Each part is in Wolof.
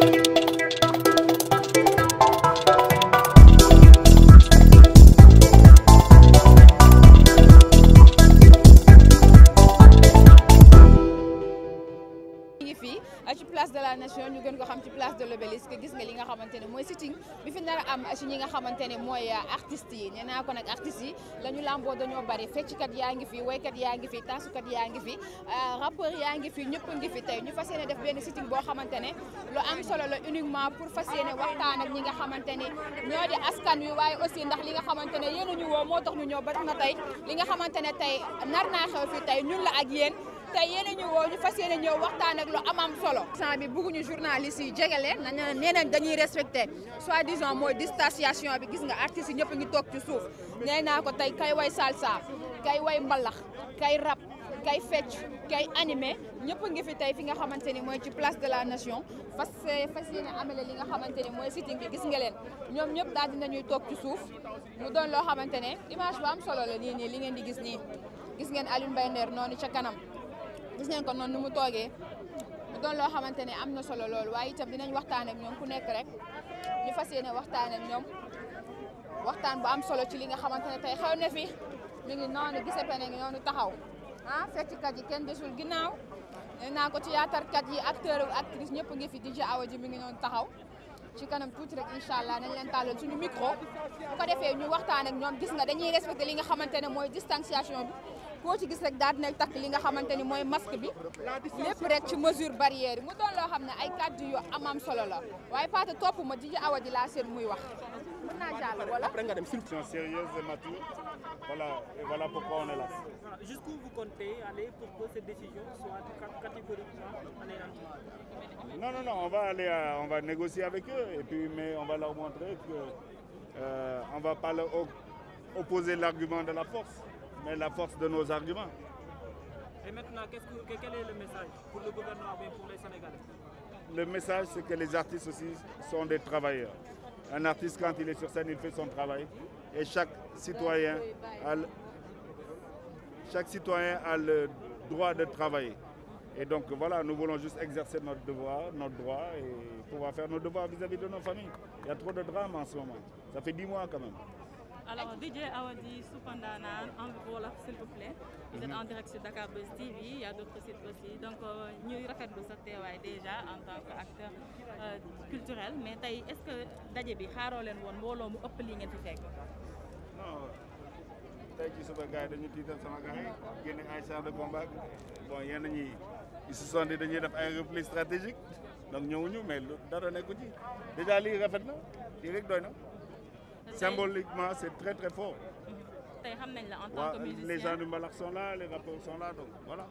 thank you l'obélisque gis nga li nga xamante ne mooy sitting bi fi nar am ci ñi nga xamante ne mooy euh, artistes yi nee naa ko nag artistes yi la ñu làmboo dañoo bari kat yaa ngi fi woykat yaa ngi fi tasukat yaa ngi fi euh, rappeur yaa ngi fi ñëpp ngi fi tey ñu fas yéene def benn sitting boo xamante ne am solo la uniquement pour fas yéene waxtaan ak ñi nga xamante ne ñoo di askan wi waaye aussi ndax li nga xamante ne yéen ñu woo moo tax ñu ñëw ba na tey li nga xamante ne tey nar naa xew tey ñun la ak yéen tey yéen a ñu woo ñu fas yéene ñëw waxtaan ak lu amam solo. sant bi bëgguñu journaliste yi jege leen nañu nee dañuy respecté soit disant mooy distanciation bi gis nga artistes yi ñëpp ngi toog ci suuf nee naa ko tey kay way salsa kay way mbalax kay rap kay fecc kay anime ñëpp ngi fi tey fi nga xamante ni mooy ci place de la nation fas fas yéene amale li nga xamante ni mooy sitting bi gis nga leen ñoom ñëpp daal ñuy toog ci suuf mu doon loo xamante ne image bu am solo la nii li ngeen di gis nii gis ngeen Alioune Mbaye noonu ca kanam. gis nañ ko noonu nu mu toogee mu doon loo xamante ne am na solo loolu waaye itam dinañ waxtaan ak ñoom ku nekk rek ñu fas ne waxtaan ak ñoom waxtaan bu am solo ci li nga xamante ne tey xew ne fi mi ngi noonu gise pene ngi noonu taxaw ah fecckat yi kenn desul ginnaaw nee naa ko ci yaatarkat yi acteur ak actrice ñëpp ngi fi DJ Awa Ji mi ngi noonu taxaw ci kanam tuuti rek incha allah nañ leen tàllal suñu micro bu ko defee ñu waxtaan ak ñoom gis nga dañuy respecté li nga xamante ne mooy distanciation bi koo ci gis rek daal dina takk li nga xamante ni mooy masque bi lépp rek ci mesure barrière yi mu loo xam ne ay kàddu yu amam solo la waaye Pate topp ma Djidji Awa Di laa seen muy wax mën naa jàll wala après nga dem solution sérieuse et mature voilà et voilà pourquoi on est là. Ah, non non non on va aller à, on va négocier avec eux et mais on va leur montrer que euh, on va pas leur l'argument de la force. mais la force de nos arguments. Et maintenant, qu que, quel est le message pour le gouvernement et pour les Sénégalais Le message, c'est que les artistes aussi sont des travailleurs. Un artiste, quand il est sur scène, il fait son travail. Et chaque citoyen a le, chaque citoyen a le droit de travailler. Et donc voilà, nous voulons juste exercer notre devoir, notre droit et pouvoir faire nos devoirs vis-à-vis -vis de nos familles. Il y a trop de drames en ce moment. Ça fait dix mois quand même. alors DJ Awadi Soupandanan en wolof s'il vous plaît. vous êtes en mhm. direct sur Dakar TV il y a d'autres sites aussi donc euh, ñuy rafetlu sa teewaay déjà en tant que acteur euh, culturel mais tey est-ce que daje bi xaaroo leen woon mbooloo mu ëpp lii nga fi fekk. non tey ci suba gars yi dañu tiital sama gars yi génne ay chars de combat bon yenn ñi ils se dañuy def ay repli stratégique donc ñëwuñu mais dara nekku ci déjà lii rafet na lii rek doy na. symboliquement c'est très très fort. tey xam nañ la en tant que musicien les gens sont là les rappeurs sont là donc voilà.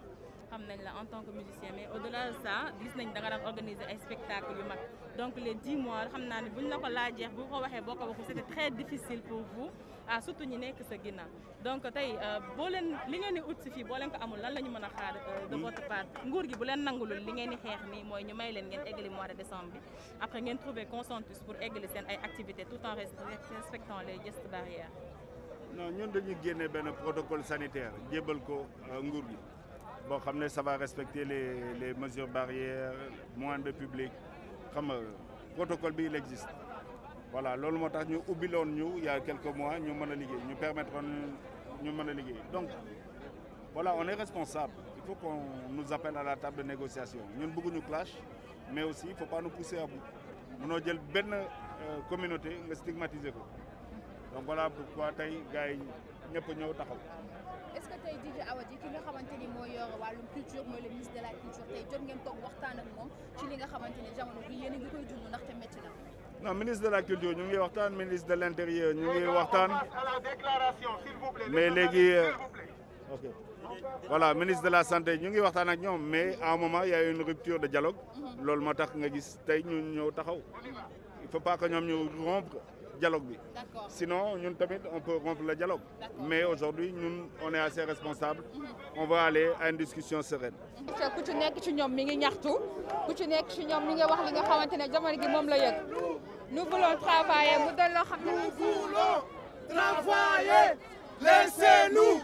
xam nañ la en tant que musicien mais au-delà de ça gis nañ da nga daan organiser ay spectacles yu mag donc les dix mois xam naa bu ñu la ko laajee bu ko waxee boo waxu c'était très difficile pour vous. ah surtout ñi nekk sa ginnaaw donc tey euh, boo leen li ngeen di ut si fii boo leen ko amul lan la ñu mën a xaar euh, de hmm. votre part nguur gi bu leen nangulul li ngeen ni xeex nii mooy ñu may leen ngeen eggali mois de décembre bi après ngeen trouver consensus pour eggali seen ay activités tout en respectant les gestes barrières non ñun dañuy génne benn protocole sanitaire jébbal ko euh, nguur gi boo xam ne ça va respecter les les mesures barrières moins de public xam nga protocole bi il voilà loolu moo tax ñu ubbiloon ñu il y a mois ñu mën a liggéey ñu permettre ñu mën a liggéey donc voilà on est responsable il faut qu'on nous appelle à la table de négociation ñun bëgguñu clash mais aussi il faut pas nous pousser à bout mënoo jël benn euh, communauté nga stigmatiser ko donc voilà pourquoi tey gars yi ñëpp ñëw taxaw. est-ce que tey Didier Awa Dieye ki nga xamante ni moo yor culture mooy le ministre de la culture tey jot ngeen toog waxtaan ak non ministre de la culture ñu ngi waxtaan ministre de l' intérieur ñu ngi waxtaan mais léegi euh, ok voilà ministre de la santé ñu ngi waxtaan ak ñoom mais à un moment il a une rupture de dialogue mhm. loolu moo tax nga gis tey ñu ñëw taxaw il faut pas que ñoom ñu rompre dialogue bi sinon ñun tamit on peut rompre le dialogue mais aujourd'hui ñun on est assez responsable mm-hmm. on va aller à une discussion sereine ku ci nekk ci mi ngi ñaxtu ku ci nekk ci mi ngi wax li nga xamante ne jamono gi la yëg nous voulons travailler mu doon loo xam ne nous voulons travailler laissez-nous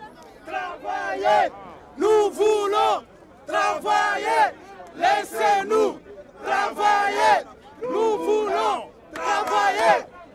travailler nous voulons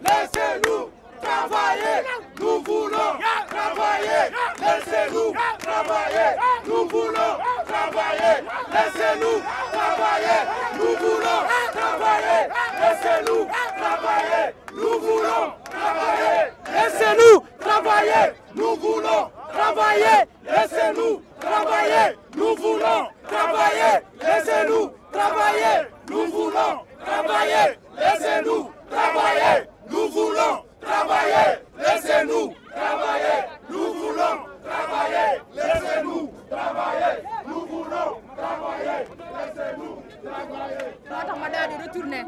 Laissez-nous travailler. Nous voulons travailler. Laissez-nous travailler. Nous voulons travailler. Laissez-nous travailler. Nous voulons travailler. Laissez-nous travailler. Nous voulons travailler. Laissez-nous travailler. Nous voulons travailler. Laissez-nous travailler. Nous voulons travailler. Laissez-nous travailler. Nous voulons travailler. Laissez-nous travailler. Nous voulons travailler, laissez-nous travailler. Nous voulons travailler, laissez-nous travailler. Nous voulons travailler, laissez-nous travailler. moo tax ma daal di retourné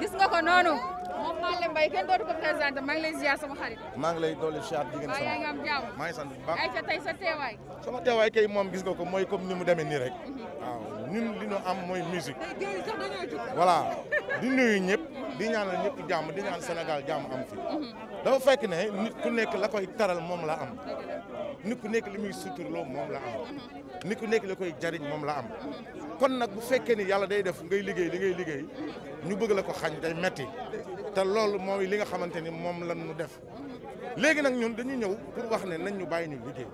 gis nga ko noonu moom Malle Mbaye kenn dootu ko présenté maa ngi lay ziar sama xarit. maa ngi lay dolli ziar jigéen sama yaa ngi am jàmm maa ngi sant bu baax. ayca tey sa teewaay. sama teewaay kay moom gis nga ko mooy comme ni mu demee nii rek. Mhm. waaw ñun li ñu am mooy musique. voilà di nuyu ñëpp. di ñaanal jàmm di ñaan Sénégal jàmm fi dafa fekk ne ku nekk la koy taral moom la am nit ku nekk li muy suturloo moom la am ku nekk la koy jariñ moom la am kon nag bu fekkee ni yàlla day def ngay liggéey li ngay liggéey ñu bëgg la ko xañ day metti te loolu mooy li xamante ni moom lan ñu def léegi nag ñun dañu ñëw pour wax ne nañ ñu bàyyi ñu liggéey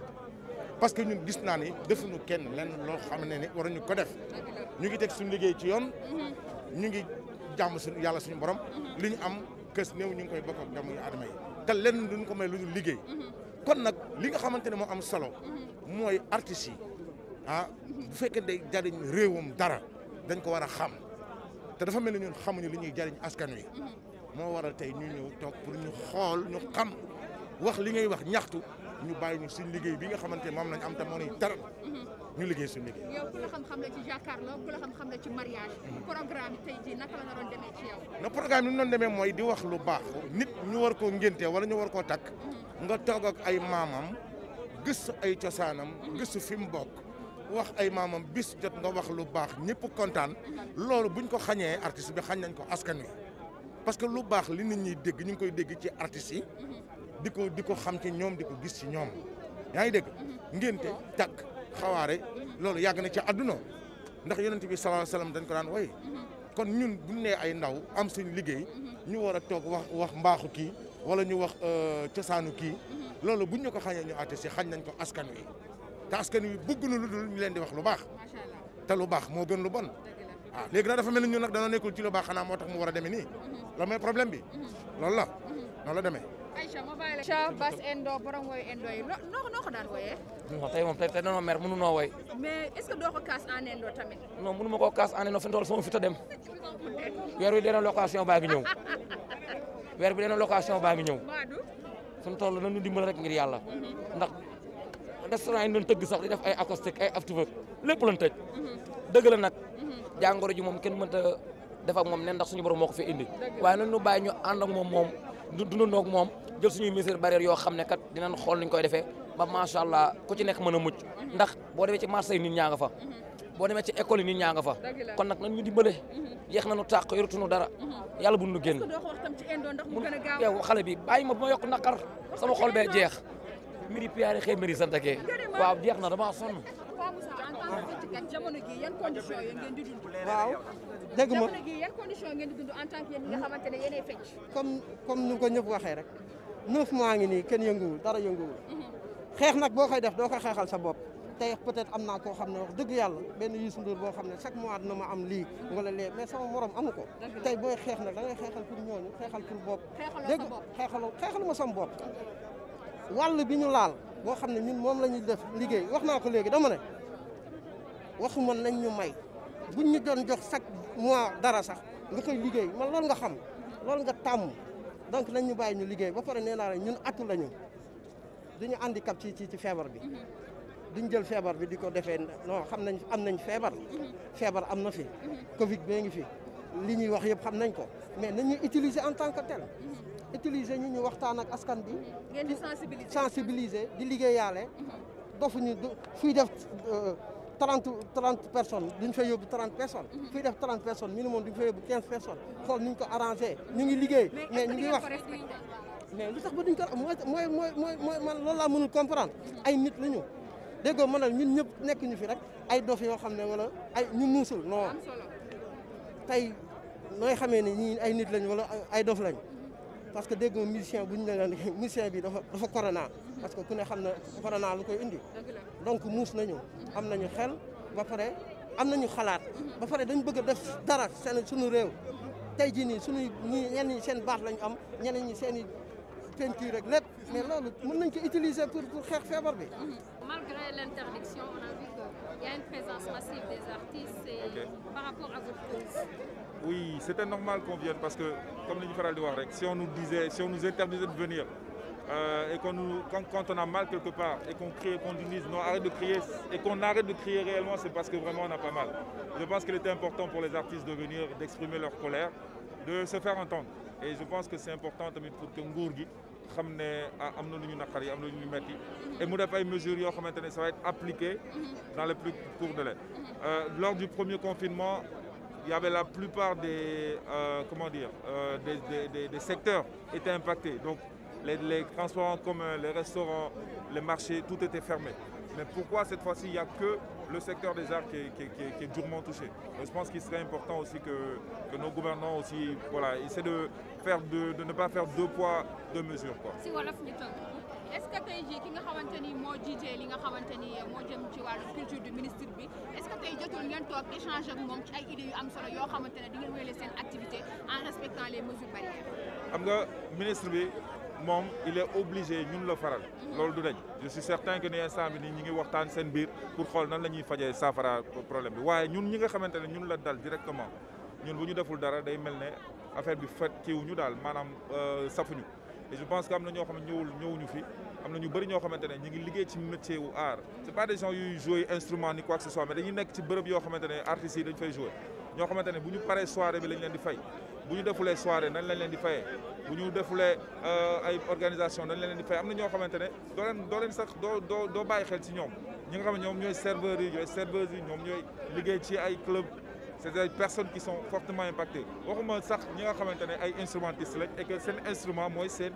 parce que ñun gis naa ni defuñu kenn lenn loo xam ne ni war waruñu ko def ñu ngi teg suñu liggéey ci yoon ñu ngi jàmm suñu yàlla suñu borom mhm. li ñu am kës néew ñu ngi koy bokk ak doomu aadama yi te lenn duñ ko may lu dul liggéey mhm. kon nag li nga xamante ne moo am solo mhm. mooy artistes yi ah bu fekkee day jariñ réewam dara dañ ko war a xam te dafa mel ni ñun xamuñu li ñuy jariñ askan wi moo waral tey ñu ñëw toog pour ñu xool ñu xam wax li ngay wax ñaxtu ñu bàyyi ñu suñ liggéey bi nga xamante moom lañ am te moo ñuy taral mhm. ñu liggéey suñu liggéey. yow mhm. na programme bi ñu demee mooy di wax lu baax nit ñu war koo ngénte wala ñu war koo takk mhm. nga toog ak ay maamam gëstu ay cosaanam gëstu fi mu bokk. wax ay maamam bis jot nga wax lu baax ñëpp kontaan loolu buñ ko xañee artiste bi xañ nañ ko askan wi parce que lu baax li nit ñiy dégg ñu ngi koy dégg ci artistes yi di ko di ko xam ci ñoom di ko gis ci ñoom yaa ngi dégg ngénte takk xawaare loolu yàgg na ci àdduna ndax yonent bi sallallahu alayhi wasallam dañ ko daan woy kon ñun bu ñu nee ay ndaw am suñu liggéey ñu war a toog wax wax mbaaxu kii wala ñu wax euh, cosaanu kii loolu buñ ñu ko xañee ñu àtte si xañ nañ ko askan wi te askan wi bëgg na lu dul ñu leen di wax lu baax te lu baax moo gën lu bon waaw ah, léegi nag dafa mel ni ñun nag danoo nekkul ci lu baax xanaa moo tax mu war a deme nii loolu mooy bi mm-hmm. loolu la mm-hmm. noonu la demee. Aïcha Bass Endo borom woy Endo yi noo noo daan woyee. non tey moom tey tey non mer mënu noo woy. mais est-ce que doo ko kaas tamit. non mënu ma koo kaas en Endo fi mu toll sama fi ta dem. weer baa ngi ñëw. weer bi dina location baa ngi ñëw. fi mu toll dimbal rek ngir yàlla. ndax restaurant ñu doon tëgg sax di def ay acoustique ay afterwork lépp lañ tëj. dëgg nag. jàngoro ji moom kenn mënta def moom nen ndax suñu borom moo fi indi. waaye moom moom. du dundandoog moom jël suñuy mesures barrières yoo xam ne kat dina dinañ xool nuñ koy defee ba macha allah ku ci nekk mën a mucc ndax boo demee ci marché ni nit ñaa nga fa boo demee ci école yi nit ñaa nga fa kon nag nañ ñu dimbale yeex nañu tàq yorutuñu dara mhm. yàlla bu nu génn yow xale bi bàyyi ma ba ma yokk naqar sama xol bee jeex midi piyaari xëy midi santake waaw jeex na dama sonn Paa Moussa en tant que feccikat jamono gi yan condition yi ngeen di dund. waaw dégg ma jamono gi yan condition ngeen di dund en tant que yéen ñi nga xamante ne yéenay fecc. comme comme nu ko ñëpp waxee rek neuf mois ngi nii kenn yënguwul dara yënguwul. Mhm. xeex nag boo koy def doo ko xeexal sa bopp. tey peut-être am naa koo xam ne wax dëgg yàlla benn Youssou Ndour boo xam ne chaque mois dina ma am lii wala lee mais sama morom amu ko tey booy xeex nag da ngay xeexal pour ñooñu xeexal pour bopp dégg xeexalu xeexalu ma sama bopp wàll bi ñu laal boo xam ne ñun moom la ñuy def liggéey wax naa ko léegi dama ne waxu man nañ ñu may buñ ñu doon jox chaque mois dara sax nga koy liggéey ma loolu nga xam loolu nga tàmm donc nañ ñu bàyyi ñu liggéey ba pare nee naa la ñun atu la ñu duñu handicap ci ci ci feebar bi duñ jël feebar bi di ko defee non xam nañ am nañ feebar feebar am na fi covid bee ngi fi li ñuy wax yëpp xam nañ ko mais nañu utiliser en tant que tel utiliser ñu ñu waxtaan ak askan bi. ngeen di sensibiliser sensibiliser di liggéeyaale. dofuñu fuy def euh, trente trente personnes duñ fa yóbbu trente personnes. Mhm. fuy def trente personnes minimum duñ fa yóbbu quinze personnes. xool ñu ko arrangé ñu ngi liggéey. mais ñu ngi wax mais lu tax ba duñ ko mooy mooy mooy mooy man loolu laa mënul comprendre mhm. ay nit la ñu. de déggoo ma ne ñun ñëpp nekk ñu fi rek ay dof yoo xam ne wala ay ñu muusul non tey noo xamee ne ñii ay nit ñu wala ay dof lañ. parce que dégg nga musicien bu ñu ne bi dafa dafa corona parce que ku ne xam na corona lu koy indi donc muus nañu am nañu xel ba pare am nañu xalaat ba pare dañ bëgg a def dara seen suñu réew tey jii nii suñu ñi ñenn seen baat lañu am ñeneen ñi seen i peinture rek lépp mais loolu mën nañ ko utiliser pour pour xeex feebar bi. Mhm. malgré l'interdiction on a vu qu'il y a une présence massive des artistes et okay. par rapport à votre cause. oui c'était normal qu'on vienne parce que comme li ñu faral di wax rek si on nous disait si on nous interdisait de venir euh, et qu'on nous quand, quand on a mal quelque part et qu'on crie qu'on dise non arrête de crier et qu'on arrête de crier réellement c'est parce que vraiment on a pas mal je pense qu'il était important pour les artistes de venir d'exprimer leur colère de se faire entendre et je pense que c'est important tamit pour que nguur gi xam ne ah, am na lu ñu naqar yi am na lu ñu metti et mu def ay mesures yoo xamante ne ça va être appliqué dans le plus court délai mm-hmm. euh, lors du premier confinement il y avait la plupart des euh, comment dire euh, des, des, des, secteurs étaient impactés donc les, les, transports en commun les restaurants les marchés tout était fermé mais pourquoi cette fois-ci il n'y a que le secteur des arts qui est, qui, est, qui, est, qui est durement touché. je pense qu'il serait important aussi que, que nos gouvernants aussi, voilà, essaient de, faire de de ne pas faire deux poids deux mesures quoi. si wolof ñu tënk est-ce que tey jii ki nga xamante ni moo jiite li nga xamante ni moo jëm ci wàllu culture du ministre bi est-ce que tey jotul ngeen toog échange ak moom ay idées am solo yoo xamante ne di ngeen wéyale seen activité en respectant les mesures barrières. xam nga ministre bi moom il est obligé ñun la faral. Mhm. loolu du dañ je suis certain que ni instant bi nii ñu ngi waxtaan seen biir pour xool nan lañuy fajee saafara problème bi waaye ñun ñi nga xamante ne ñun la dal directement ñun bu ñu mel affaire bi fa kiiwuñu daal maanaam euh, safuñu et je pense que am na ñoo xam ne ñëwul ñëwuñu fi am na ñu bëri ñoo xamante ne ñu ngi liggéey ci métier wu art c'est pas des gens yuy nekk ci bërëb yoo xamante ne artistes yi dañ fay ñoo xamante ne bu ñu paree soirée bi lañ leen di fay bu ñu defulee soirée nañ lañ leen di fayee bu ñu euh, ay organisation nañ leen di fay am na ñoo xamante ne doo leen doo leen sax doo doo doo bàyyi xel ci ñoom ñi nga xam ñoom ñooy serveurs yi ñooy serveuses ñoom ñooy liggéey ci ay club c'est des personnes qui sont fortement impactées waxuma sax ñi nga xamante ne ay instrumentistes lañ et que seen instrument mooy seen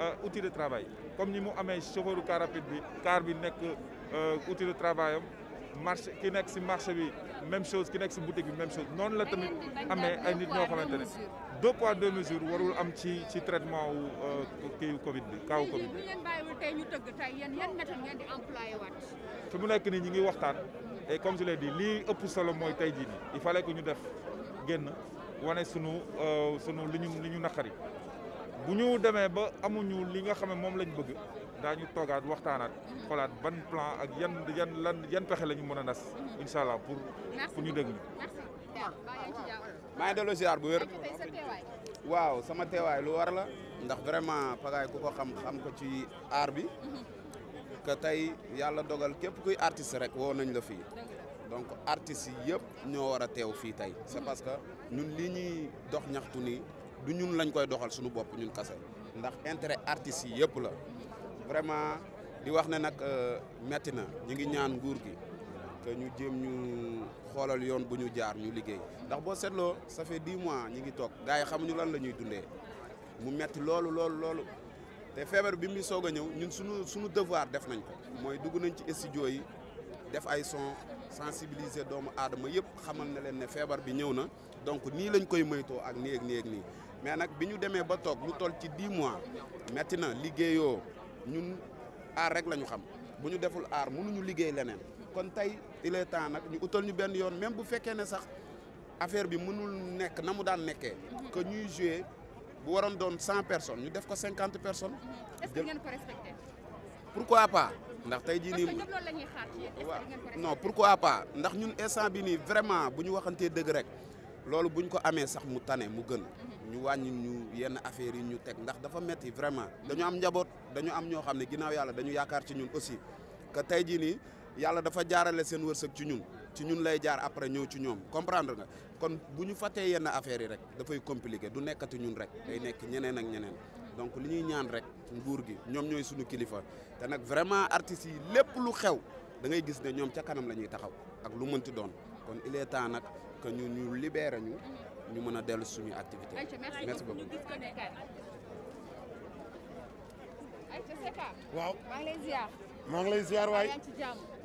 euh, outil de travail comme ni mu amee chauffeur car rapide bi car bi nekk euh, outil de travail marché ki nekk si marché bi même chose ki nekk si boutique bi même chose noonu la tamit amee ay nit ñoo xamante ne deux de deux mesures warul am ci ci traitement wu euh, kii Covid bi kaawu Covid bi. fi mu nekk nii ñi ngi waxtaan. et comme je l'ai lii ëpp solo mooy tey jii nii il fallait ñu def génn wane sunu euh, sunu li ñu li ñu naqari bu ñu demee ba amuñu li nga xam ne moom lañ bëgg daañu toogaat waxtaanaat xolaat ban plan ak yan yan lan yan pexe la ñu mën a nas incha allah pour pour ñu dégg ñu. maa ngi delloo ziar bu wér. waaw sama teewaay lu war la. ndax vraiment pagaay ku ko xam xam ko ci aar bi. Mhm. que tey yàlla dogal képp kuy artiste rek woo nañu la fii donc artistes yi yëpp ñoo war a teew fii tey c'est parce que ñun lii ñuy dox ñaxtu nii du ñun lañ koy doxal suñu bopp ñun kase ndax intérêt artistes yi yëpp la vraiment di wax ne nag euh, metti na ñu ngi ñaan nguur gi que ñu jéem ñu xoolal yoon bu ñu jaar ñu liggéey ndax boo seetloo ça fait dix mois ñi ngi toog gars yi xamuñu lan la ñuy dundee mu metti loolu loolu te feebar bi mu soog a ñëw ñun suñu suñu devoir def nañ ko mooy dugg nañ ci studio yi def ay son sensibiliser doomu aadama yëpp xamal na leen ne feebar bi ñëw na donc nii lañ koy moytoo ak nii ak nii mais nag bi ñu demee ba toog lu toll ci dix mois metti na liggéeyoo ñun aar rek la ñu xam bu ñu deful aar mënuñu liggéey leneen kon tey il est temps nag ñu utal ñu benn yoon même bu fekkee ne sax affaire bi mënul nekk na mu daan nekkee que ñuy jouer bu waroon doon cent personnes ñu def ko cinquante personnes. Mhm. est-ce ko respecté. pourquoi pas ndax tey jii nii. parce que ñëpp ko respecté non pas ndax ñun instant bi nii vraiment bu ñu waxantee dëgg rek loolu bu ñu ko amee sax mu tane mu gën. Mhm. ñu wàññi ñu yenn affaires yi ñu teg ndax dafa metti vraiment. dañu am njaboot dañu am ñoo xam ne ginnaaw yàlla dañu yaakaar ci ñun aussi que tey jii nii yàlla dafa jaarale seen wërsëg ci ñun ci ñun lay jaar après ñëw ci ñoom comprendre nga kon bu ñu fàttee yenn affaires yi rek dafay compliqué du nekkati ñun rek day nekk ñeneen ak ñeneen donc li ñuy ñaan rek nguur gi ñoom ñooy suñu kilifa te nag vraiment artistes yi lépp lu xew da ngay gis ne ñoom ca kanam la ñuy taxaw ak lu mënti doon kon il est temps nag que ñu ñu libéré ñu ñu mën a dellu suñuy activité merci beaucoup waaw maa ngi lay ziar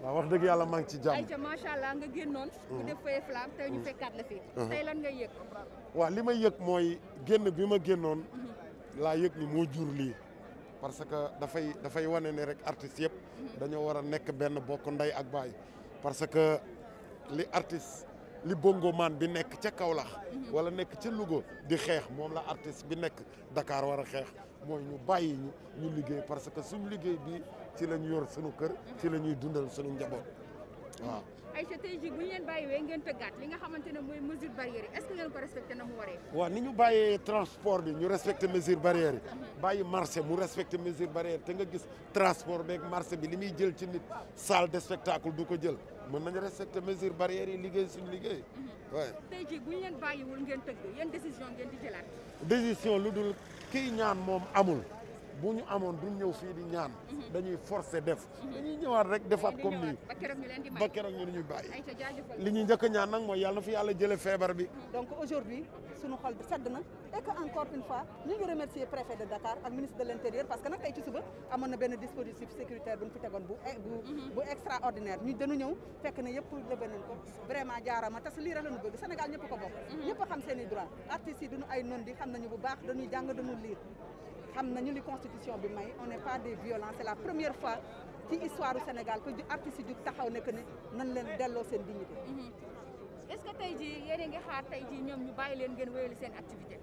waaw wax dëgg yàlla maa ngi ci jàmm. ayca allah nga génnoon. bu def feuille flamme tey ñu mm-hmm. Mm-hmm. ngay yëg. waaw li may yëg mooy génn bi ma génnoon. laa yëg ni moo jur lii. parce que dafay dafay wane ni rek artistes yëpp. Mm-hmm. dañoo war a nekk benn bokk ndey ak baay. parce que li artiste li bongo bi nekk ca Kaolack. wala nekk ca Louga di xeex moom la artiste bi nekk dakaar war a xeex mooy ñu bàyyi ñu ñu liggéey parce que suñu liggéey bi ci la ñu yor sunu kër ci la ñuy dundal sunu njaboot waaw. Aïcha tey jii bu ñu leen bàyyiwee ngeen tëggaat li nga xamante mooy mesure barrière yi que ngeen ko respecté na mu waree. waaw ni ñu bàyyee transport bi ñu respecté mesure barrière bàyyi marché mu respecte mesure barrière te nga gis transport beeg marché bi li muy jël ci nit salle de spectacle du ko jël mën nañu respecté mesure barrière yi liggéey suñ liggéey. waaw mm-hmm. tey jii bu ñu bàyyiwul ngeen tëgg lu dul ñaan moom amul. bu ñu amoon duñ ñëw fii di ñaan mhm. dañuy forcé def mhm. dañuy ñëwaat rek defaat comme nii ba keroog ñu ñuy bàyyi li ñuy njëkk a ñaan nag mooy yàlla na fi yàlla jële feebar bi mhm. donc aujourd'hui suñu xol bi sedd na et que encore une fois ñu ngi remercier préfet de Dakar ak ministre de l'intérieur parce que nag tey ci suba amoon na benn dispositif sécuritaire bu ñu fi tegoon bu e- extraordinaire ñu dañu ñëw fekk na yëpp lëba nañ ko vraiment jaarama te lii rek la ñu ñëpp ko bokk ñëpp xam bu baax dañuy jàng dañu lire xam nañu li constitution bi may on n'est pas des violents c'est la première fois ci histoire du Sénégal que artiste yi jug taxaw ne que ne nan leen delloo seen dignité mhm. est-ce que tey jii a tey jii ñoom ñu bàyyi leen ngeen seen activité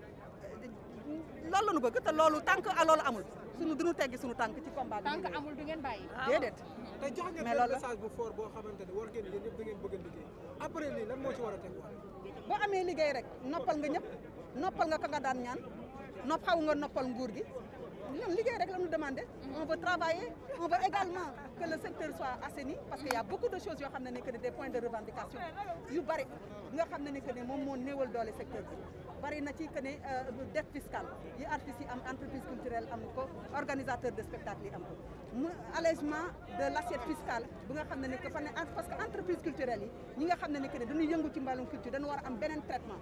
loolu la ñu bëgg te loolu tànk que loolu amul suñu duñu teggi suñu tànk ci combat bi tant que amul du ngeen bàyyi ah. déedéet tey jox ngeen benn message bu fort boo xamante ne war ngeen yéen ñëpp da ngeen bëgg ci war a teg boo amee liggéey rek noppal nga ñëpp noppal nga ka nga daan ñaan nopp xaw nga noppal nguur gi ñoom liggéey rek la ñu demandé on veut travailler on veut également que le secteur soit assaini parce qu'il y beaucoup de choses yoo xam ne ne que ne des points de revendication yu bëri nga xam ne ni que ne moom moo néewal doole secteur bi na ci que ne euh, dette fiscale yi artistes yi am entreprise culturelle am ko organisateur de spectacle yi am ko mu allègement de l' assiette fiscale bi nga xam ne ne que fa ne parce que entreprise culturelle yi a am beneen traitement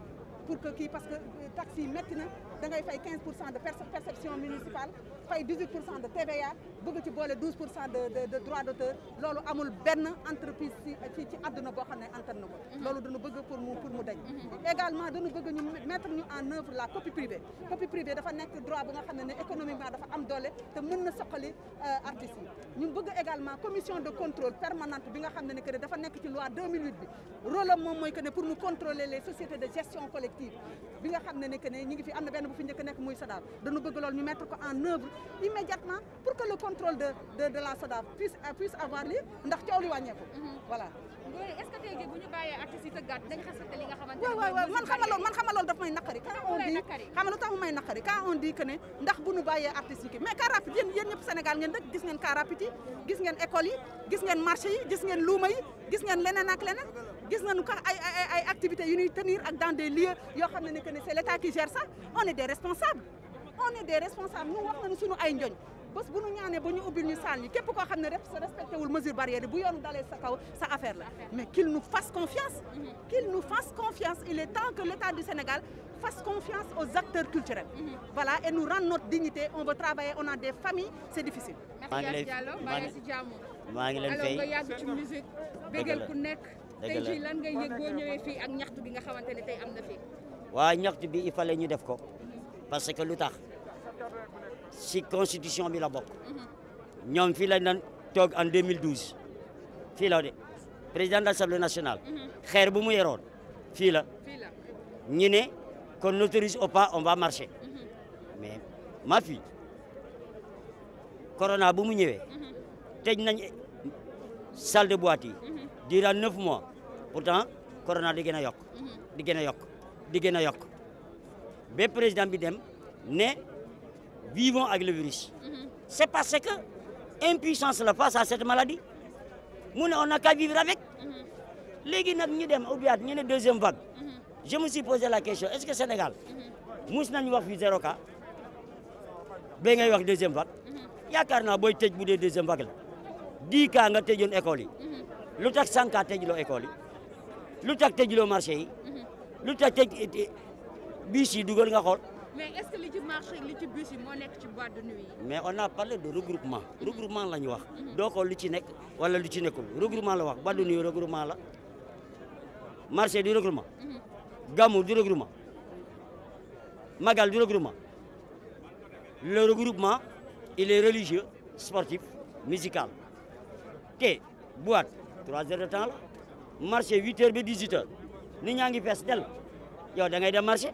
pour que kii parce que euh, taxes yi métti na da ngay fay 15 pour cent de perception municipale fay de TVA bëgg ci boole de droit d'auteur loolu amul benn entreprise ci ci boo xam ne antan na ko. Mhm. loolu dañu bëgg pour mu pour mu dañ. Mhm. également dañu bëgg ñu mettre ñu en œuvre la copie privée copie privée dafa nekk droit bu nga xam ne ne économiquement dafa am doole te mën na soqali euh, artistes ñu bëgg également commission de contrôle permanente bi nga xam ne ne que dafa nekk ci loi collective bi nga xam ne ne que ne ñu ngi fi am na benn bu fi njëkk nekk muy SODAV dañu bëgg loolu ñu mettre ko en œuvre immédiatement pour que le contrôle de de de la SODAV puisse puisse avoir lieu ndax coow li wàññeeku. Mm-hmm. voilà. est ce que tey jii bu ñu bàyyee artistes yi tëggaat dañu respecté li nga xamante ne. waaw waaw man xam nga loolu man xam nga loolu daf may naqari. quand on dit ne ndax bu ñu bàyyee artistes yi kii mais car rapide yéen yéen ñëpp Sénégal ngeen dëkk gis ngeen car rapide yi gis ngeen école yi gis ngeen marché yi gis ngeen luuma yi gis ngeen leneen ak leneen gis nañu ko ay ay ay activités yu ñuy tenir ak dans des lieux yoo xam ne ne que ne c'est l'État qui gère ça on est des responsables on est des responsables ñun wax nañu suñu ay njoñ bés bu ñu ñaanee ba ñu ubbil ñu salle yi képp koo xam ne rek sa respecté wul mesure barrière bu yoonu dalee sa kaw sa affaire la mais qu'il nous fasse confiance qu'il nous fasse confiance il est temps que l'État du Sénégal fasse confiance aux acteurs culturels voilà et nous rende notre dignité on veut travailler on a maa ngi leen fay alors nekk tey jii lan ngay boo ñëwee fii ak ñaxtu bi nga xamante ne tey am na fii. waaw ñaxtu bi il fallait ñu def ko parce que lu tax si constitution bi la bokk mhm. ñoom fii lañ doon toog en 2012 fii la de président de nationale mhm. xeer bu mu yoroon fii la ñu ne kon n'autorise pas on va marcher mhm. mais ma fille corona bu mu ñëwee tëj nañ salle de boîte yi durant neuf mois pourtant corona di gën a yokk mhm. di gën a yokk di gën a yokk ba président bi dem ne vivons avec le virus mhm. c'est parce que impuissance la face à cette maladie mu ne on n'a qu'à vivre avec mhm. léegi nag ñu dem ubbiwaat ñu ne deuxième vague je me suis posé la question est-ce que Sénégal mus nañu wax fi zéro cas ba ngay wax deuxième vague yaakaar naa booy tëj bu dee deuxième vague la dix cas nga tëjoon école yi lu tax Sankaat tëjloo école yi lu tax tëjloo marché yi mhm. lu tax tëj bus yi dugal nga xool. mais est-ce que li ci marché moo nekk ci boîte de mais on a parlé de regroupement mhm. regroupement la ñu wax. Mhm. doo ko lu nekk wala lu ci nekkul regroupement la wax boîte de nuit regroupement la marché du regroupement. Gamou du regroupement. Magal du regroupement. Le regroupement il est religieux sportif musical te boîte trois heures de temps la marché huit heures ba dix huit heures nit ñaa ngi fees del yow da dem marché.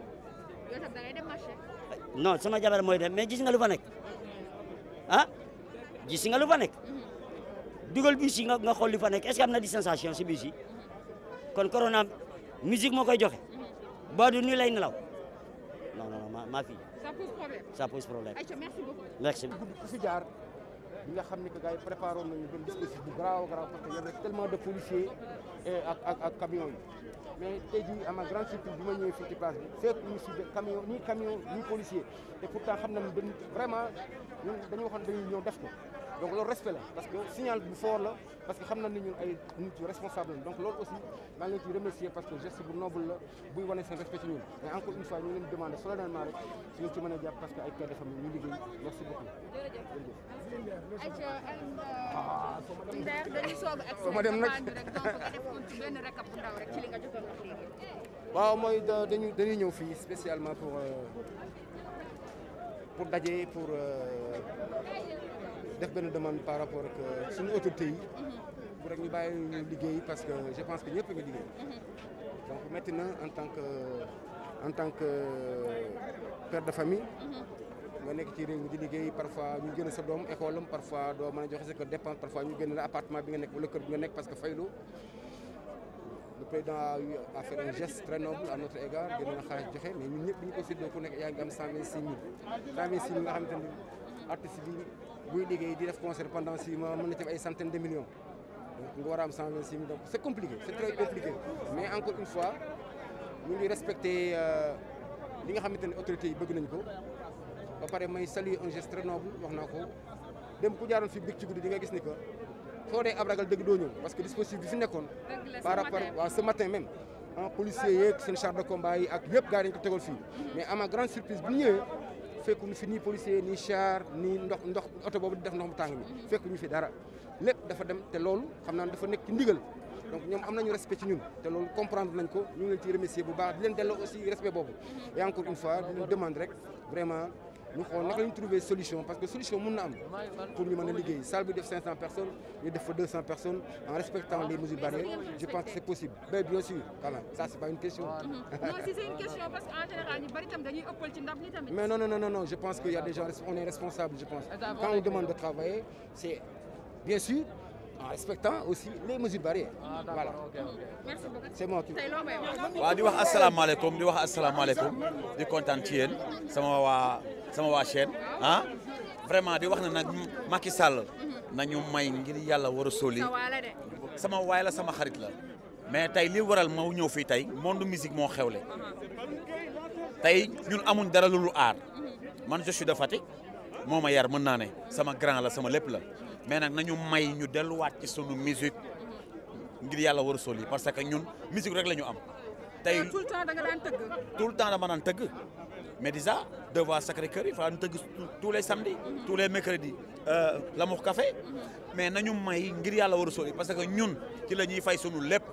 yow sama jabar mooy dem mais gis nga lu fa nekk ah gis nga lu nekk mhm. dugal bus yi nga xool li fa nekk est-ce que am na di sensation si biisi kon corona musique moo koy joxe mhm. boo du nii lay nelaw non non non ma ma fille. ça pose problème ça pose bi nga xam ni que gars yi préparé woon nañu benn dispositif bu garaaw garaaw parce que y avait de policiers et ak ak yi mais tey jii à ma grande surprise bi ma ñëwee fii ci place bi fekk ñu si camion ni camion ni policier te pourtant xam nañ benn vraiment ñun dañu waxoon dañuy ñëw def ko. donc loolu respect la parce que signal bu fort la parce que xam na ne ñun ay nit yu responsable la donc loolu aussi maa ngi leen ciy remercier parce que geste bu noble la buy wane seen respect ci ñun mais encore une fois ñu leen demander solennellement rek su ngeen ci mën a jàpp parce que ay père de famille ñu liggéey merci beaucoup. jërëjëf ma dem nag waaw mooy dañu dañuy ñëw fii spécialement pour euh, pour daje pour. Euh, def benn demande par rapport ak euh, suñu autorité yi mhm. pour rek ñu bàyyi liggéey parce que je pense que ñëpp a ngi liggéey mhm. donc maintenant en tant que en tant que euh, père de mhm. nekk ci réew mi di liggéey parfois ñu génn sa doom école am parfois doo mën a joxe sa kër dépense parfois ñu génn la appartement bi nga nekk wala kër bi nga nekk parce que faylu le président a eu à faire un geste très noble à notre égard dina na joxe mais ñun ñëpp bu ñu ko séddoo ku nekk yaa ngi am cent vingt six mille cent vingt six mille nga xamante ni artiste bi buy liggéey di def concert pendant six mois mën ay centaines de millions donc nga war a cent vingt six mille donc compliqué c' très compliqué mais encore une fois ñu ngi respecter euh, li nga xamante ne autorités yi bëgg nañ ko ba pare may saluer un geste très noble wax naa ko dem ku jaaroon fi biig ci guddi di nga gis ni que foo dee ab ragal dëgg doo ñëw parce que dispositif fi nekkoon par rapport waaw ce matin même policier yeeg seen char de ak yëpp fekkuñu fi ni policier ni char ni ndox ndox oto boobu di def ndox mu tàng mi fekkuñu fi dara lépp dafa dem te loolu xam naa dafa nekk ci ndigal donc ñoom am nañu respect ñun te loolu comprendre nañ ko ñu ngi leen ciy remercier bu baax di leen delloo aussi respect boobu et encore une fois di leen demande rek vraiment ñu xool naka la ñu trouver solution parce que solution mun na am pour ñu mën a liggéey salle bi def 500 personnes ñu def fa 200 personnes en respectant les mesures barrières je pense que c' est possible mais bien sûr quand même ça c' est pas une question. non si c' est une question parce que en général ñu bari tam dañuy ëppal ci ndab li tamit. mais non non non non je pense que y a des gens on est responsable je pense quand on demande de travailler c' est bien sûr. en respectant aussi les mesures barrières. Ah, voilà merci beaucoup. c'est moi qui. waaw di wax asalaamaaleykum di wax asalaamaaleykum di kontaan ci yéen sama waa. sama waa chaîne ah vraiment di wax na nag Macky Sall nañu may ngir yàlla war a sóoli sama waay la sama xarit la mais tey li waral ma ñëw fii tey moom monde musique moo xew le tey ñun amuñ dara lu lu aar man je suis de Fatick moo ma yar mën naa ne sama grand la sama lépp la mais nag nañu may ñu delluwaat ci sunu musique ngir yàlla war a sóoli parce que ñun musique rek la ñu am. tey tout temps da daan tëgg. mais déjà devant Sacré-Cœur il faut ñu tëgg tous les samedis tous les mercredis euh, L'amour café mais na nañu may ngir yàlla war a parce que ñun ci la ñuy fay sunu lépp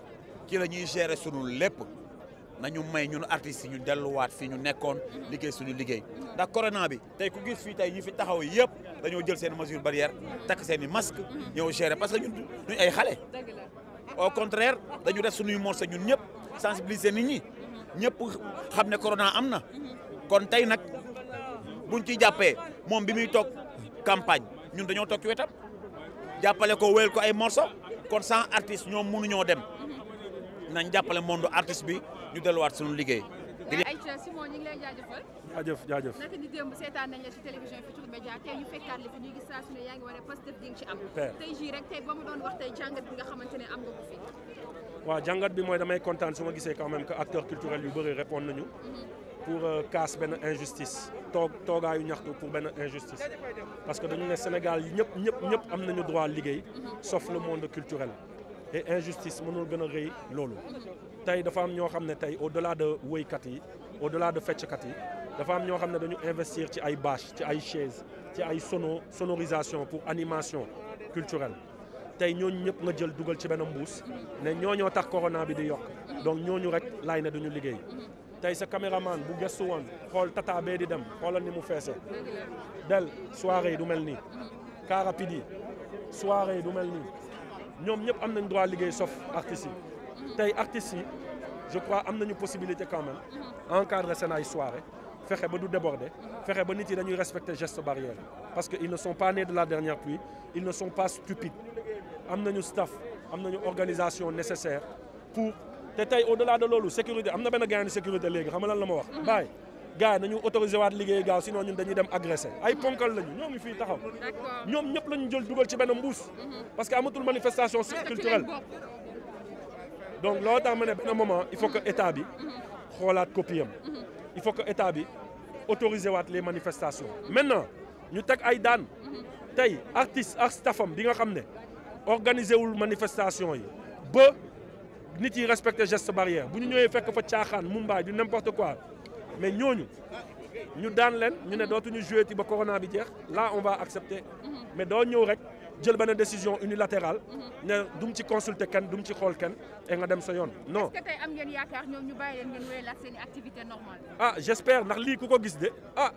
ci la ñuy gérer sunu lépp nañu may ñun artistes yi ñu delluwaat fii ñu nekkoon liggéey suñu liggéey ndax corona bi tey ku gis fii tey ñu fi taxaw yëpp dañoo jël seen mesure barrière takk seen i masque ñëw gere parce que ñun duñ ay xale au contraire dañu def suñuy morceau ñun ñëpp sensibiliser nit ñi ñëpp xam ne corona am na kon tey nag buñ ci jàppee moom bi muy toog campagne ñun dañoo toog ci wetam jàppale ko wéyal ko ay morceau kon sans artiste ñoom mënuñoo dem nañ jàppale monde artiste bi ñu delluwaat suñu liggéey. Aïcha Simon ñu ngi lay jaajëfal. jaajëf jaajëf naka ni démb seetaan nañ la ci télévision Futurs Médias tey ñu fekkaat la fi ñu gis saa su yaa ngi war a Pastef di ci am. tey jii rek tey ba mu doon wax tey jàngat bi nga xamante ne am nga ko fi. waaw jàngat bi mooy damay kontaan nañu. Mhm. pour kaas euh, benn injustice toog toogaayu ñaxtu pour benn injustice parce que dañu ne Sénégal yi ñëpp ñëpp ñëpp am nañu droit liggéey sauf le monde culturel et injustice mënul gën a rëy loolu tey dafa am ñoo xam ne tey au delà de woykat yi au delà de fecckat yi dafa am ñoo xam ne dañu investir ci ay bâche ci ay chaise ci ay sono sonorisation pour animation culturelle tey ñooñu ñëpp nga jël dugal ci benn mbuus ne ñooñoo tax corona bi di yokk donc ñooñu rek laay ne duñu liggéey tey sa caméraman bu gëstu woon xool tata di dem xoolal ni mu feese del soirée yi du mel nii car rapide yi soirée du mel nii ñoom ñëpp am nañ droit liggéey sauf artistes yi tey artistes yi je crois am nañu possibilité quand même encadrer seen ay soirée fexe ba du déborde fexe ba nit yi dañuy respecter geste barrière parce que ils ne sont pas nés de la dernière pluie ils ne sont pas stupides am nañu staff am nañu organisation nécessaire pour te tey au delà de loolu sécurité am na benn gain de sécurité léegi xam nga lan la ma wax. Mm-hmm. bàyyi gars yi nañu autorisé waat liggéey gaaw sinon ñun dañuy dem agressé ay ponkal lañu ñoo ngi fii taxaw. ñoom ñëpp lañu jël dugal ci benn mbuus. Mm-hmm. parce que amatul manifestation culturelle. donc loolu tax ma ne benn moment il faut que état bi mm-hmm. xoolaat copie am il faut que état bi autorisé waat les manifestations. maintenant ñu teg ay daan tey artiste ak bi nga xam ne organiser wul manifestation yi nit yi respecté geste barrière bu ñu ñëwee fekk fa caaxaan mu mumbaay du n'importe quoi mais ñooñu ñu daan leen ñu ne dootuñu joué ti ba corona bi jeex là on va accepter mhm. mais doo ñëw rek jël benn décision unilatérale mhm. ne dum ci consulter kenn du ci xool kenn et nga dem sa yoon non. est-ce leen ngeen wéyalaat seen activité normale. ah j'espère ndax lii ku ko gis de ah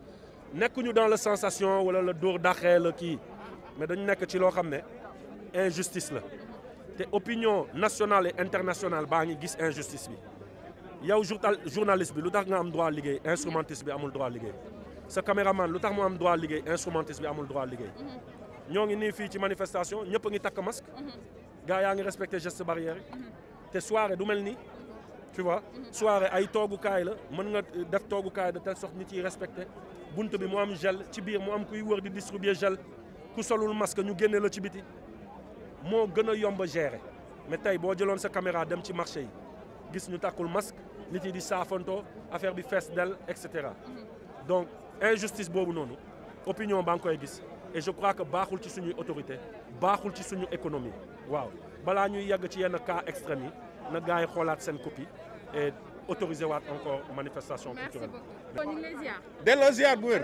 nekkuñu dans la sensation wala le dóor daxee la kii mais dañu nekk ci loo xam ne injustice la. te opinion nationale et internationale baa ngi gis injustice bi yow journaliste bi lu tax nga am droit liggéey instrumentiste bi amul droit liggéey sa caméraman lu tax mu am droit liggéey instrumentiste bi amul droit liggéey ñoo ngi nii fii ci manifestation ñëpp ngi takk masque gars yaa ngi respecté geste barrière te soirée du mel ni tu vois soirée ay toogukaay la mën nga def toogukaay de telle sorte nit yi respecté bunt bi mu am gel ci biir mu am kuy wër di distribuer gel ku solul masque ñu génne la ci biti moo gën a yomb a gérer mais tey boo jëloon sa caméra dem ci marché yi gis ñu takkul masque nit yi di saafanto affaire bi fees del et cetera donc injustice boobu noonu opinion baa ngi koy gis et je crois que baaxul ci suñuy autorité baaxul ci suñu économie waaw balaa ñuy yàgg ci yenn cas extrêmes yi na gars yi xoolaat seen copie et autorisé waat encore manifestation culturelle. merci beaucoup bu wér.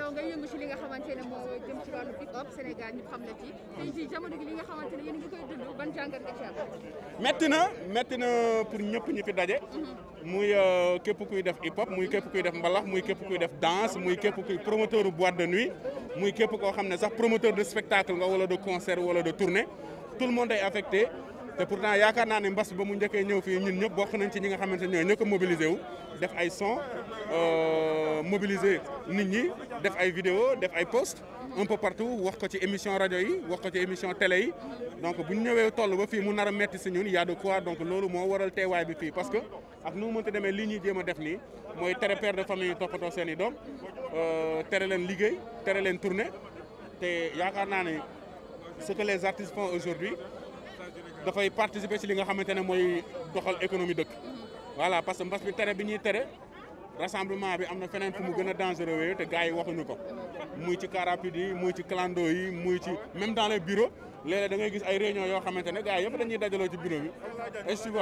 na métti na pour ñëpp ñu fi daje. muy euh, képp kuy def hip hop muy képp kuy def mbalax muy képp kuy def danse muy képp kuy promoteur boîte de nuit. muy képp koo xam ne sax promoteur de spectacle nga wala de concert wala de tournée tout le monde affecté. te pourtant yaakaar naa ne mbas ba mu njëkkee ñëw fii ñun ñëpp bokk nañ ci ñi ne ñooy ñëkk a mobilisé wu def ay son euh, mobiliser nit ñi def ay vidéo def ay post un peu partout wax ko ci émission rajo yi wax ko ci émission télé yi donc bu ñu ñëwee toll ba fii mu nar a metti si ñun y a de quoi donc loolu moo waral teewaay bi fii parce que ak nu mu mënti demee lii ñuy jéem a def nii mooy tere père de famille yi toppatoo seen i doom euh, tere leen liggéey tere leen tournée te yaakaar naa ne ce que les artistes font aujourd'hui dafay participer ci li nga xamante ne mooy doxal économie dëkk voilà parce que mbas bi tere bi ñuy tere rassemblement bi am na feneen fu mu gën a dangereux te gars yi waxuñu ko muy ci car rapide muy ci clando yi muy ci même dans les bureaux léeg-léeg da ngay gis ay réunion yoo xamante ne gars yëpp dañuy dajaloo ci bureau bi est-ce que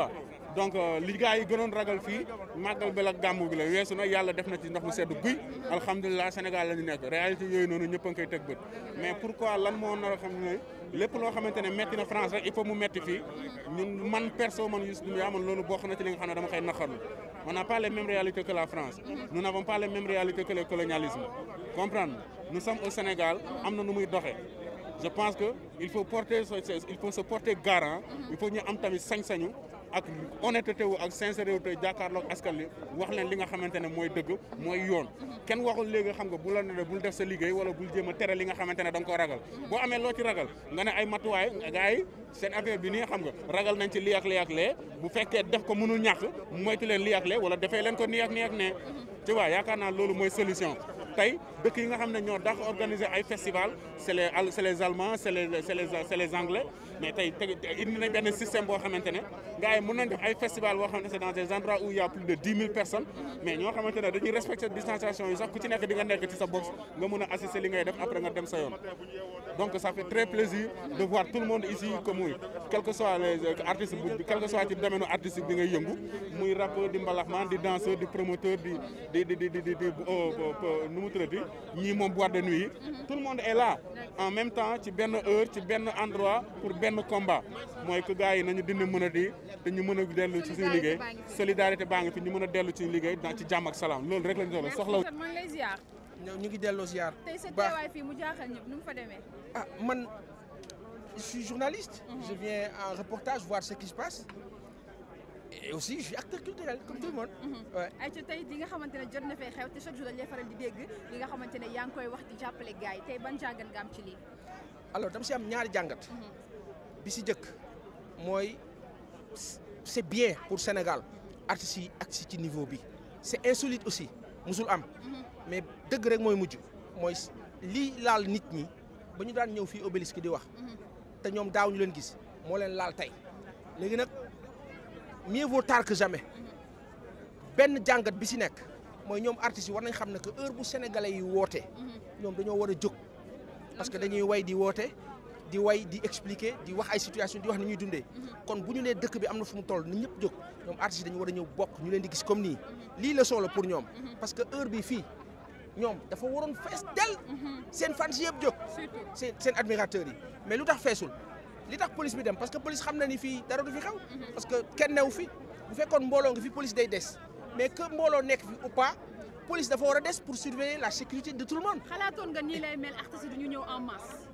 donc euh, li gars yi gënoon ragal fii màggal bi la gàmmu bi la weesu na yàlla def na ci ndox mu sedd guy alhamdulilah Sénégal la ñu nekk réalité yooyu noonu ñëpp a ngi koy teg bët mais pourquoi lan moo nar a xam lépp loo xamante ne métti na France rek il faut mu metti fii ñun man perso man Youssou Ndour yaa man bokk na ci li nga xam ne dama koy n'a pas les mêmes réalités que la France nous n'avons pas les am na nu muy doxee je pense que il faut porter il faut se porter garant mhm. il faut ñu am tamit sañ-sañu ak honnêteté wu ak sincérité wu te jàkkaarloog askan li wax leen li nga xamante ne mooy dëgg mooy yoon mhm. kenn waxul léegi xam nga bu la ne bul def sa liggéey wala bul jéem a tere li nga xamante ne da ko ragal boo amee loo ci ragal nga ne ay matuwaay gars yi seen affaire bi nii xam nga ragal nañ ci lii ak lii ak bu fekkee def ko mënul ñàkk moytu leen lii ak lee wala defee leen ko nii ak nii ak waa mhm. yaakaar naa loolu mooy solution tey dëkk yi nga xam ne ñoo dàq organiser ay festival c'est le c'est les Allemands Anglais mais tey tey indi benn système boo xamante ne gars yi mën nañ ay festival boo xamante ne dans des endroits où il plus de dix mille personnes mais ñoo xamante ne dañuy respecter distanciation yi sax ku ci nekk di nga nekk ci sa box nga mën a assister li ngay def après nga dem sa donc ça fait très plaisir de voir tout le monde ici que muy quel soit les bu quel soit ci domaine artistique bi ngay yëngu muy rappeur di mbalaxman di danseur di promoteur benn combat mooy que gars yi nañu dindi mën a di te ñu mën a dellu ci suñu liggéey solidarité baa ngi fi ñu mën a dellu ci liggéey da ci jàmm ak salaam loolu rek lañ soxla soxla ñu ngi delloo ziar tey sa teewaay fii mu jaaxal ñëpp nu mu fa demee ah man je suis journaliste mhm. je en reportage voir se passe et aussi je suis acteur culturel comme mhm. nga xamante ne jot na fee xew te chaque jour dañu lay faral di dégg li nga xamante ne yaa ngi koy wax di jàppale gars yi tey ban jàngat nga am ci lii. alors dama si am ñaari jàngat. Mhm. bi si jëkk mooy c'est bien pour Sénégal artistes yi ak si ci niveau bi c'est insolite aussi musul am mhm. mais dëgg rek mooy mujj mooy lii laal nit ñi ba ñu daan ñëw fii obélisque di wax mhm. te ñoom daaw ñu leen gis moo leen laal tey léegi nag mieux vaut tard que jamais mhm. benn jàngat bi si nekk mooy ñoom artistes yi war nañ xam ne que heure bu sénégalais yi woote ñoom dañoo war a jóg parce que dañuy way di woote di way di expliquer di wax ay situation di wax ni ñuy dundee mhm. kon bu ñu nee dëkk bi am na fu mu toll ni ñëpp jóg ñoom artistes dañu war a ñëw bokk ñu leen di gis comme nii mhm. lii la solo pour ñoom mhm. parce que heure bi fii ñoom dafa waroon fees del seen fans yëpp jóg seen seen admirateurs yi mais lu tax feesul li tax police bi dem parce que police xam na ni fii dara du fi xew parce que kenn new fi bu fekkoon mbooloo nga fi police day des mais que mbooloo nekk fi ou pas police dafa war la sécurité de tout le monde xalaatoon nga ñëw en masse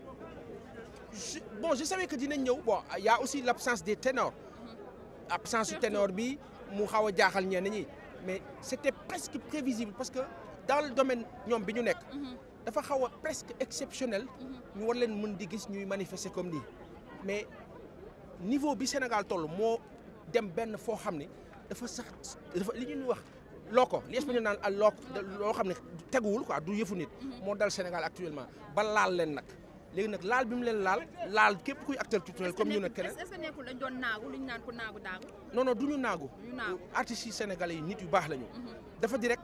bon je savais que dinañ ñëw bon yaa a aussi l' de des ténors mm-hmm. absence su ténor bi mu xaw a jaaxal ñenn ñi mais c' était presque prévisible parce que dans le domaine ñoom bi ñu nekk. Mm-hmm. dafa xaw a presque exceptionnel. Mm-hmm. ñu war leen mën di gis ñuy manifester comme nii mais niveau bi Sénégal toll moo dem benn foo xam ne dafa sax dafa li ñuy wax. loo looko li espagnol naan al look loo xam ne teguwul quoi du yëfu nit moo dal Sénégal actuellement ba laal leen nag léegi nag laal bi mu leen laal laal képp kuy acteur culturel comme ñu ne keneen est-ce que nekkul dañ doon naagu lu ñu naan ko naagu daagu non non du yi sénégalais nit yu baax lañu mhm. dafa di rek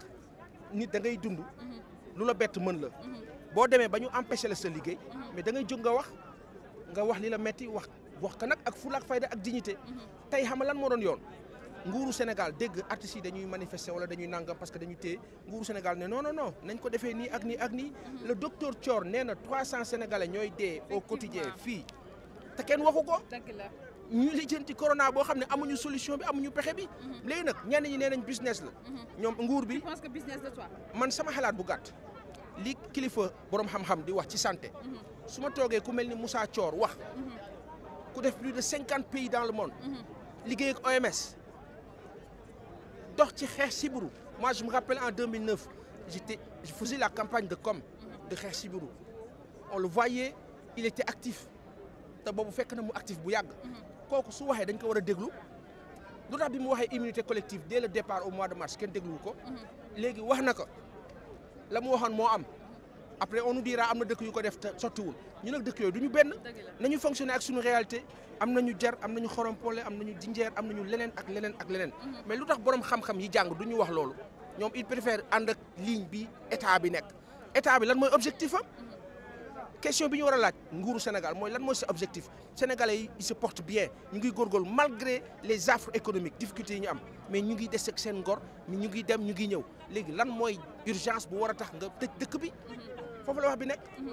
nit da ngay dund mhm. lu la bett mën la mhm. boo demee ba ñu empêché la sa liggéey mais da ngay jóg nga wax nga wax li la metti wax wax ka nag ak fulla ak fayda ak dignité tey xam lan moo doon yoon nguuru Sénégal dégg artistes yi dañuy manifester wala dañuy nangam parce que dañu téye nguuru Sénégal ne non non non nañ ko defee nii ak nii ak nii mhm. le docteur Thior nee na 300 sénégalais ñooy dee au quotidien fii te kenn waxu ko. dëgg la ñu lijjanti corona boo xam ne amuñu solution bi amuñu pexe bi. Mhm. léegi nag ñenn ñi nee nañ business la. Mhm. ñoom nguur bi je que business la toi. man sama xalaat bu gàtt lii kilifa borom xam-xam di wax ci santé. su ma toogee ku mel ni Moussa coor wax. ku def plus de 50 dans le monde. liggéey ak dox ci xeex sibiru moi je me rappelle en 2009 j'étais je faisais la campagne de com de xeex sibiru on le voyait il était actif te boobu fekk na mu actif bu yàgg kooku su waxee dañ ko war a déglu lu taa bi mu waxee immunité collective dès le départ au mois de mars kenn dégluwu ko mhm. léegi wax na ko la mu waxoon moo am après on nous am na dëkk yu ko def te sottiwul ñu nag dëkk yooyu du ñu benn nañu fonctionner ak sunu réalité am nañu jar am nañu xorompole am na ñu jinjeer am nañu leneen ak leneen ak leneen mhm. mais lu tax borom xam-xam yi jàng du ñu wax loolu ñoom il préfère ànd ak ligne bi état bi nekk état bi lan mooy objectif am mhm. question bi ñu war a laaj nguur Sénégal mooy lan mooy sa objectif sénégalais yi ils se bien ñu ngi góorgóorlu malgré les affres économiques difficultés yi ñu am mais ñu ngi des seen ngor ñu ngi dem ñu ngi ñëw léegi lan mooy urgence bu war a tax nga tëj dëkk bi mhm. foofu la wax bi nekk. Mhm.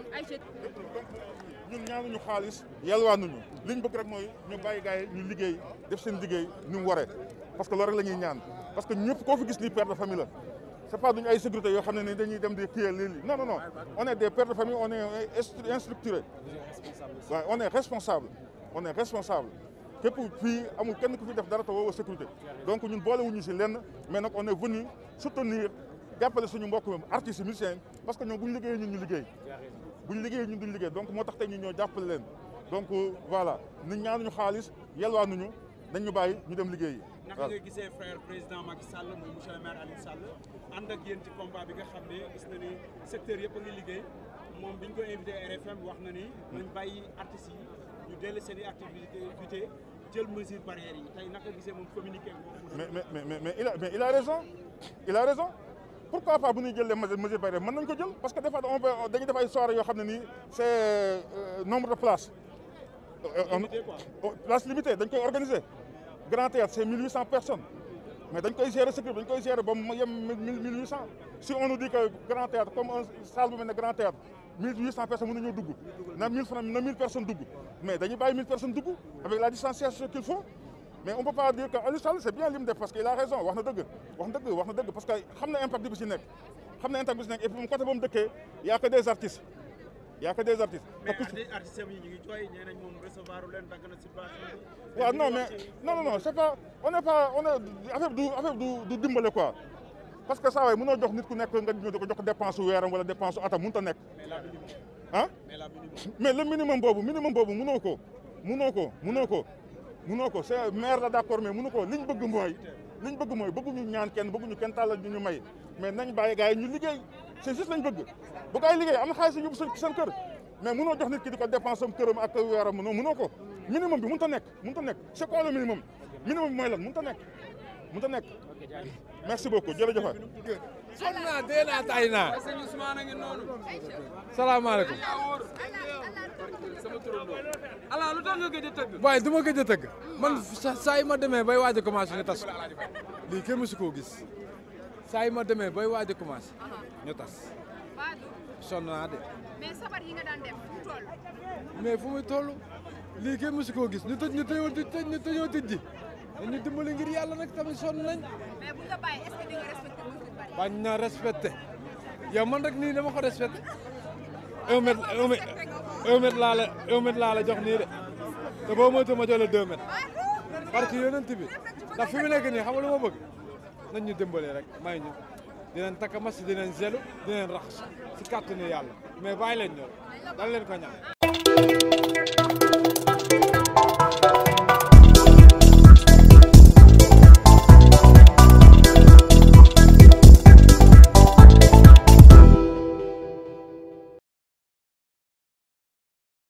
ñun ñaanuñu xaalis yalwaanuñu li ñu bëgg rek mooy ñu bàyyi gars yi ñu liggéey def seen liggéey ni mu waree parce que loolu rek la ñuy ñaan parce que ñëpp koo fi gis ni père de famille la c'est pas duñu ay sécurité yoo xam ne ni dañuy dem de téye lii non non non on est des pères de famille on est instructuré waaw on one responsable on est responsable képp fii amul kenn ku fi def dara te woo ñun boolewuñu si lenn mais nag on est venu soutenir jàppale suñu mbokk mi artistes musiciens parce que ñoom bu ñu liggéeyee ñun ñu liggéey bu ñu liggéeyee ñun duñu liggéey donc moo tax tey ñu ñoo jàppale leen donc voilà nit ñaanuñu xaalis yelwaanuñu nañ ñu bàyyi ñu dem liggéey yi naka nga gisee frère président Macky Sall muy monsieur le maire Aliou Sall ànd ak yéen ci combat bi nga xam ne gis na secteur yëpp a liggéey moom bi ñu ko invité RFM wax na ni nañ bàyyi artistes yi ñu dellu seen i activité jël mesure barrière yi tey naka gisee moom communiqué mais mais mais il a mais il a raison il a raison pourquoi pas bu ñuy jël les mesures nañ ko jël parce que des on peut dañuy def ay yoo xam ne nii c' euh, nombre de place limitée dañ koy organiser. grand théâtre c' est mille huit cent mais dañ koy gérer sécurité dañ koy gérer ba mu yem mille huit cent si on nous dit que grand théâtre comme un bu mel ne grand théâtre mille huit cent personnes mën na mille francs mais dañuy bàyyi mille personnes avec la distanciation qu'il faut mais on peut pas dire que Aliou Sall c' est bien li mu def parce que il a raison wax na dëgg wax na dëgg parce que xam na impact bi si nekk xam na impact bi si nekk et puis moom côté boobu dëkkee y' a que des artistes y' a que artistes. mais artistes yi ñu ngi jooy nee nañ moom recevoir leen dagg na subvention bi. du dimbale quoi. parce que saa waay mënoo jox nit ku nekk nga ko jox dépense weeram wala dépense atam mënut nekk. ah mais le minimum boobu minimum boobu mënoo ko mënoo ko mënoo ko. mënoo ko c'est maire la d'accord mais mënu ko liñ bëgg mooy liñ bëgg mooy bëgguñu ñaan kenn bëgguñu kenn tàllal ñu ñu may mais nañ bàyyi gars yi ñu liggéey c'est juste lañ bëgg bu gars am na xaalis yóbbu seen kër jox nit ki di ko dépense am ak weeram mënoo mënoo ko minimum bi mënu ta nekk mënu ta nekk c'est quoi le minimum minimum bi mooy lan mënu ta nekk mënut a nekk. merci beaucoup jërëjëf. sonn naa dee naa tay naa. salaamaaleykum. ala lu tax nga gëj a tëgg. waaye du ma gëj a tëgg. man saa yi ma demee bay waaj a commencé ñu tas lii kenn mësu koo gis yi ma demee bay waaj a commencé ñu tas. sonn naa de. mais sabar yi nga daan def fu mu toll. mais fu muy koo gis ñu tëj ñu tëjoo tëj ñu tëjoo tëj ji. dañu dimbali ngir yàlla nag tamit sonn nañ. mais bu nga bàyyi man rek nii dama ko respecté. un mètre un la la jox nii de te boo moytu ma jox la deux mètres parce que yonent bi ndax fi nekk nii xam nga lu ma bëgg nañ ñu dimbali rek may ñu dinañ takk mas dinañ zelu dinañ rax si kàttanu yàlla mais bàyyi leen ñor dal leen ko ñaan.